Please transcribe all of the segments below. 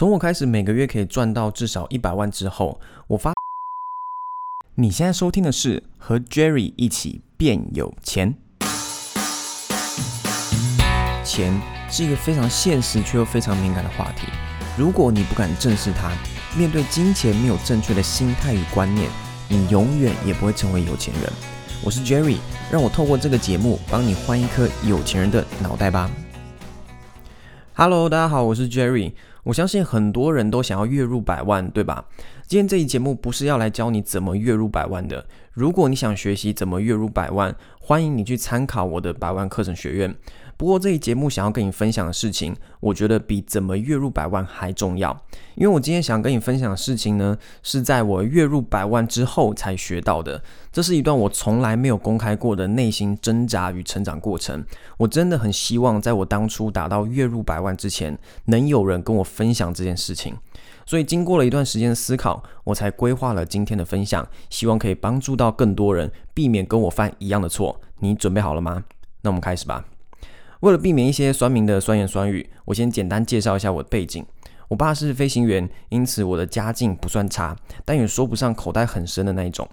從我開始每個月可以賺到至少一百萬之後，我發現。你現在收聽的是和 Jerry 一起變有錢。錢是一個非常現實卻又非常敏感的話題。如果你不敢正視它，面對金錢沒有正確的心態與觀念，你永遠也不會成為有錢人。我是 Jerry，讓我透過這個節目幫你換一顆有錢人的腦袋吧。Hello，大家好，我是 Jerry。我相信很多人都想要月入百萬，對吧？今天這一節目不是要來教你怎麼月入百萬的。如果你想學習怎麼月入百萬，歡迎你去參考我的百萬課程學院。不過，這一節目想要跟你分享的事情，我覺得比怎麼月入百萬還重要。因為我今天想跟你分享的事情呢，是在我月入百萬之後才學到的。這是一段我從來沒有公開過的內心掙扎與成長過程。我真的很希望，在我當初達到月入百萬之前，能有人跟我分享這件事情。所以經過了一段時間的思考，我才規劃了今天的分享，希望可以幫助到更多人，避免跟我犯一樣的錯。你準備好了嗎？那我們開始吧。為了避免一些酸民的酸言酸語，我先簡單介紹一下我的背景。我爸是飛行員，因此我的家境不算差，但也說不上口袋很深的那一種。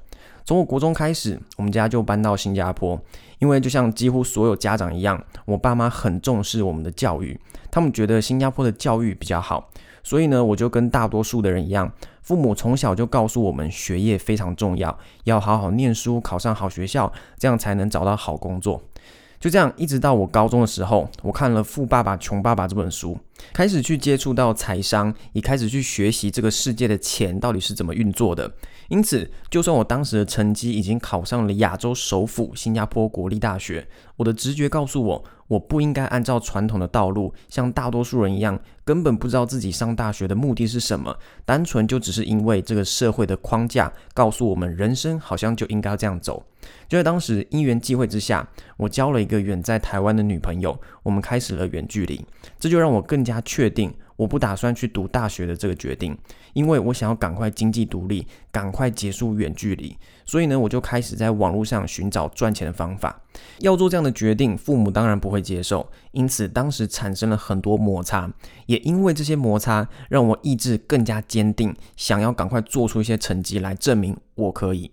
從我國中開始，我們家就搬到新加坡，因為就像幾乎所有家長一樣，我爸媽很重視我們的教育，他們覺得新加坡的教育比較好。所以呢，我就跟大多數的人一樣，父母從小就告訴我們，學業非常重要，要好好唸書，考上好學校，這樣才能找到好工作。就這樣，一直到我高中的時候，我看了《富爸爸窮爸爸》這本書。開始去接觸到財商，也開始去學習這個世界的錢到底是怎麼運作的。因此，就算我當時的成績已經考上了亞洲首府新加坡國立大學，我的直覺告訴我，我不應該按照傳統的道路，像大多數人一樣，根本不知道自己上大學的目的是什麼，單純就只是因為這個社會的框架告訴我們，人生好像就應該要這樣走。就在當時，因緣際會之下，我交了一個遠在台灣的女朋友。我們開始了遠距離，這就讓我更加確定我不打算去讀大學的這個決定，因為我想要趕快經濟獨立，趕快結束遠距離。所以呢，我就開始在網絡上尋找賺錢的方法。要做這樣的決定，父母當然不會接受，因此當時產生了很多摩擦。也因為這些摩擦，讓我意志更加堅定，想要趕快做出一些成績來證明我可以。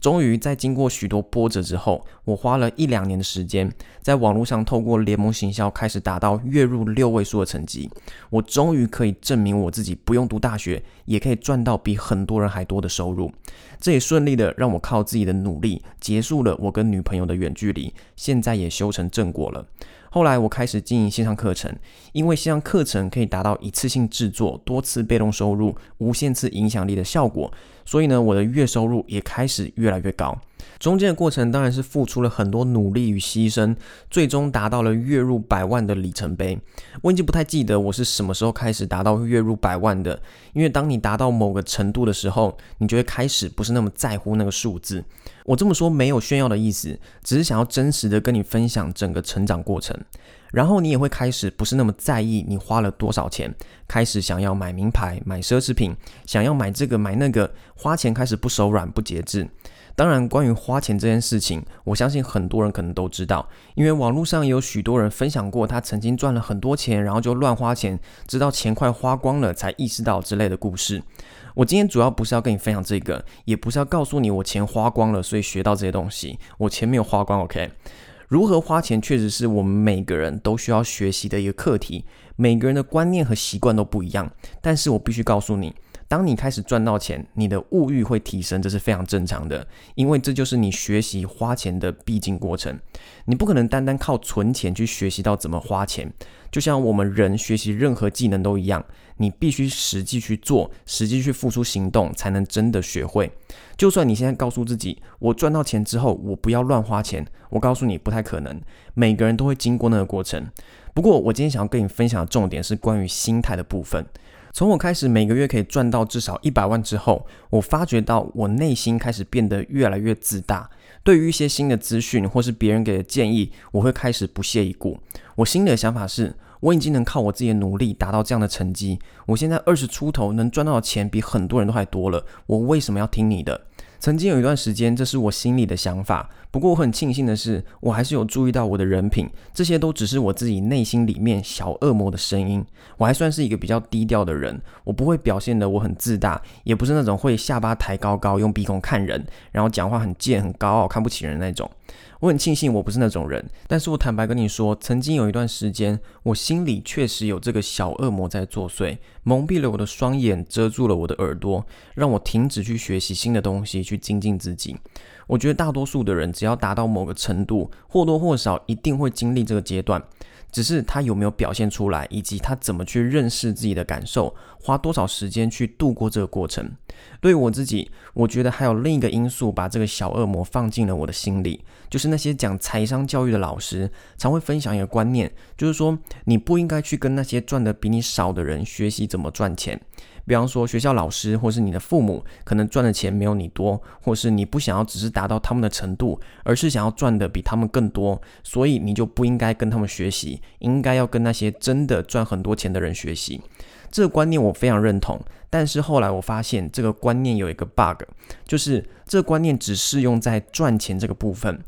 終於在經過許多波折之後，我花了一兩年的時間，在網絡上透過聯盟行銷開始達到月入六位數的成績。我終於可以證明我自己不用讀大學，也可以賺到比很多人還多的收入。這也順利的讓我靠自己的努力，結束了我跟女朋友的遠距離，現在也修成正果了。後來我開始經營線上課程，因為線上課程可以達到一次性製作、多次被動收入、無限次影響力的效果，所以呢，我的月收入也開始越來越高。中間的過程當然是付出了很多努力與犧牲，最終達到了月入百萬的里程碑。我已經不太記得我是什麼時候開始達到月入百萬的，因為當你達到某個程度的時候，你就會開始不是那麼在乎那個數字。我這麼說沒有炫耀的意思，只是想要真實的跟你分享整個成長過程。然後你也會開始不是那麼在意你花了多少錢，開始想要買名牌、買奢侈品，想要買這個買那個，花錢開始不手軟、不節制。當然，關於花錢這件事情，我相信很多人可能都知道，因為網絡上也有許多人分享過他曾經賺了很多錢，然後就亂花錢，直到錢快花光了才意識到之類的故事。我今天主要不是要跟你分享這個，也不是要告訴你我錢花光了，所以學到這些東西，我錢沒有花光。OK，如何花錢確實是我們每個人都需要學習的一個課題，每個人的觀念和習慣都不一樣，但是我必須告訴你。當你開始賺到錢，你的物欲會提升，這是非常正常的，因為這就是你學習花錢的必經過程。你不可能單單靠存錢去學習到怎麼花錢，就像我們人學習任何技能都一樣，你必須實際去做，實際去付出行動，才能真的學會。就算你現在告訴自己，我賺到錢之後，我不要亂花錢，我告訴你，不太可能。每個人都會經過那個過程。不過，我今天想要跟你分享的重點是關於心態的部分。從我開始每個月可以賺到至少一百萬之後，我發覺到我內心開始變得越來越自大。對於一些新的資訊或是別人給的建議，我會開始不屑一顧。我心裡的想法是，我已經能靠我自己的努力達到這樣的成績。我現在二十出頭，能賺到的錢比很多人都還多了，我為什麼要聽你的？曾經有一段時間，這是我心裡的想法。不過我很慶幸的是，我還是有注意到我的人品。這些都只是我自己內心裡面小惡魔的聲音。我還算是一個比較低調的人，我不會表現得我很自大，也不是那種會下巴抬高高，用鼻孔看人，然後講話很賤、很高傲、看不起人的那種。我很慶幸我不是那種人，但是我坦白跟你說，曾經有一段時間，我心裡確實有這個小惡魔在作祟，蒙蔽了我的雙眼，遮住了我的耳朵，讓我停止去學習新的東西，去精進自己。我覺得大多數的人，只要達到某個程度，或多或少一定會經歷這個階段。只是他有沒有表現出來，以及他怎麼去認識自己的感受，花多少時間去度過這個過程。對於我自己，我覺得還有另一個因素，把這個小惡魔放進了我的心裡，就是那些講財商教育的老師，常會分享一個觀念，就是說你不應該去跟那些賺得比你少的人學習怎麼賺錢。比方說，學校老師或是你的父母，可能賺的錢沒有你多，或是你不想要只是達到他們的程度，而是想要賺的比他們更多，所以你就不應該跟他們學習，應該要跟那些真的賺很多錢的人學習。這個觀念我非常認同，但是後來我發現這個觀念有一個 bug，就是這個觀念只適用在賺錢這個部分。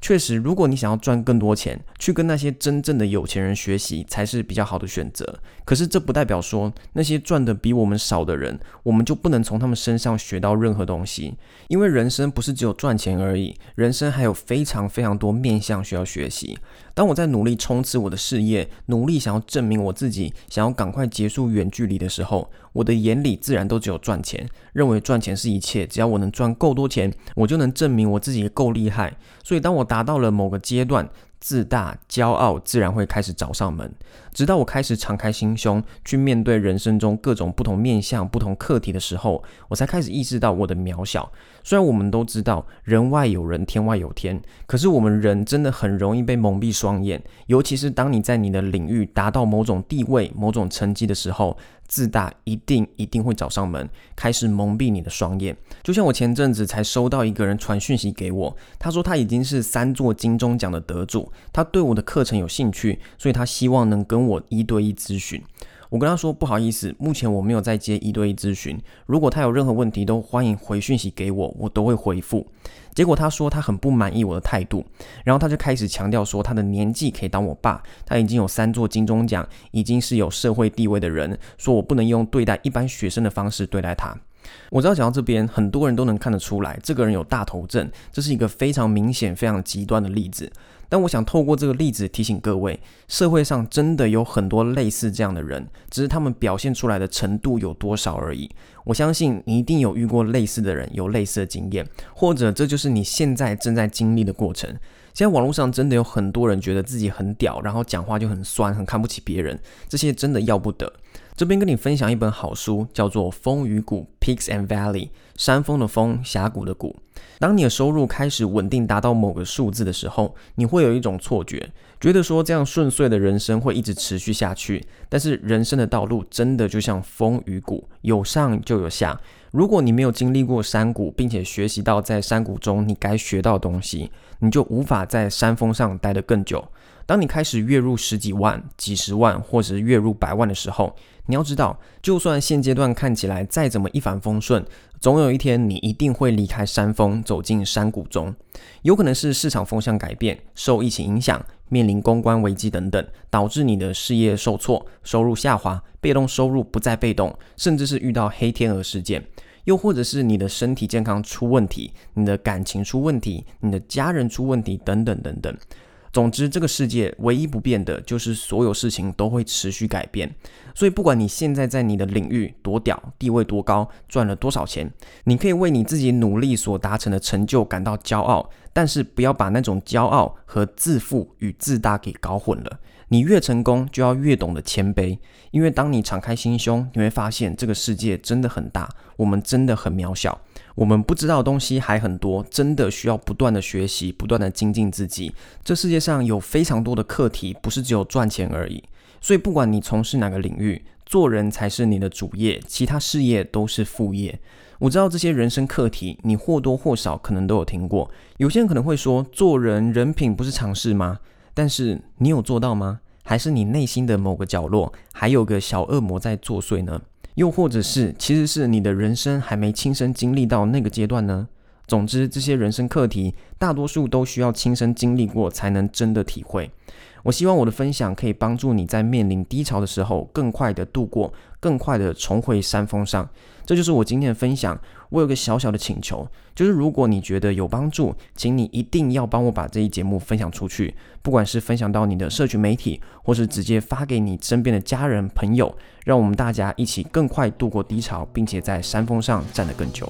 確實，如果你想要賺更多錢，去跟那些真正的有錢人學習才是比較好的選擇。可是這不代表說那些賺的比我們少的人，我們就不能從他們身上學到任何東西。因為人生不是只有賺錢而已，人生還有非常非常多面向需要學習。當我在努力衝刺我的事業，努力想要證明我自己，想要趕快結束遠距離的時候，我的眼裡自然都只有賺錢，認為賺錢是一切，只要我能賺夠多錢，我就能證明我自己夠厲害。所以，當我達到了某個階段，自大、驕傲自然會開始找上門。直到我開始敞開心胸去面對人生中各種不同面向、不同課題的時候，我才開始意識到我的渺小。雖然我們都知道人外有人，天外有天，可是我們人真的很容易被蒙蔽雙眼，尤其是當你在你的領域達到某種地位、某種成績的時候，自大一定一定會找上門，開始蒙蔽你的雙眼。就像我前陣子才收到一個人傳訊息給我，他說他已經是三座金鐘獎的得主，他對我的課程有興趣，所以他希望能跟我一對一諮詢。我跟他說不好意思，目前我沒有在接一對一諮詢。如果他有任何問題，都歡迎回訊息給我，我都會回復。結果他說他很不滿意我的態度，然後他就開始強調說他的年紀可以當我爸，他已經有三座金鐘獎，已經是有社會地位的人，說我不能用對待一般學生的方式對待他。我知道講到這邊，很多人都能看得出來，這個人有大頭症，這是一個非常明顯、非常極端的例子。但我想透過這個例子提醒各位，社會上真的有很多類似這樣的人，只是他們表現出來的程度有多少而已。我相信你一定有遇過類似的人，有類似的經驗，或者這就是你現在正在經歷的過程。現在網絡上真的有很多人覺得自己很屌，然後講話就很酸，很看不起別人，這些真的要不得。這邊跟你分享一本好書，叫做《峰與谷》（Peaks and Valley）。山峰的峰，峽谷的谷。當你的收入開始穩定達到某個數字的時候，你會有一種錯覺，覺得說這樣順遂的人生會一直持續下去。但是人生的道路真的就像峰與谷，有上就有下。如果你沒有經歷過山谷，並且學習到在山谷中你該學到的東西，你就無法在山峰上待得更久。當你開始月入十幾萬、幾十萬，或者是月入百萬的時候，你要知道，就算現階段看起來再怎麼一帆風順，總有一天你一定會離開山峰，走進山谷中。有可能是市場風向改變，受疫情影響，面臨公關危機等等，導致你的事業受挫，收入下滑，被動收入不再被動，甚至是遇到黑天鵝事件，又或者是你的身體健康出問題，你的感情出問題，你的家人出問題等等等等。總之，這個世界唯一不變的就是所有事情都會持續改變。所以，不管你現在在你的領域多屌，地位多高，賺了多少錢，你可以為你自己努力所達成的成就感到驕傲，但是不要把那種驕傲和自負與自大給搞混了。你越成功，就要越懂得謙卑，因為當你敞開心胸，你會發現這個世界真的很大，我們真的很渺小。我們不知道的東西還很多，真的需要不斷的學習，不斷的精進自己。這世界上有非常多的課題，不是只有賺錢而已。所以，不管你從事哪個領域，做人才是你的主業，其他事業都是副業。我知道這些人生課題，你或多或少可能都有聽過。有些人可能會說，做人人品不是常識嗎？但是你有做到嗎？還是你內心的某個角落還有個小惡魔在作祟呢？又或者是，其實是你的人生還沒親身經歷到那個階段呢。總之，這些人生課題大多數都需要親身經歷過，才能真的體會。我希望我的分享可以幫助你在面臨低潮的時候，更快的度過，更快的重回山峰上。這就是我今天的分享。我有個小小的請求，就是如果你覺得有幫助，請你一定要幫我把這一節目分享出去，不管是分享到你的社群媒體，或是直接發給你身邊的家人朋友，讓我們大家一起更快度過低潮，並且在山峰上站得更久。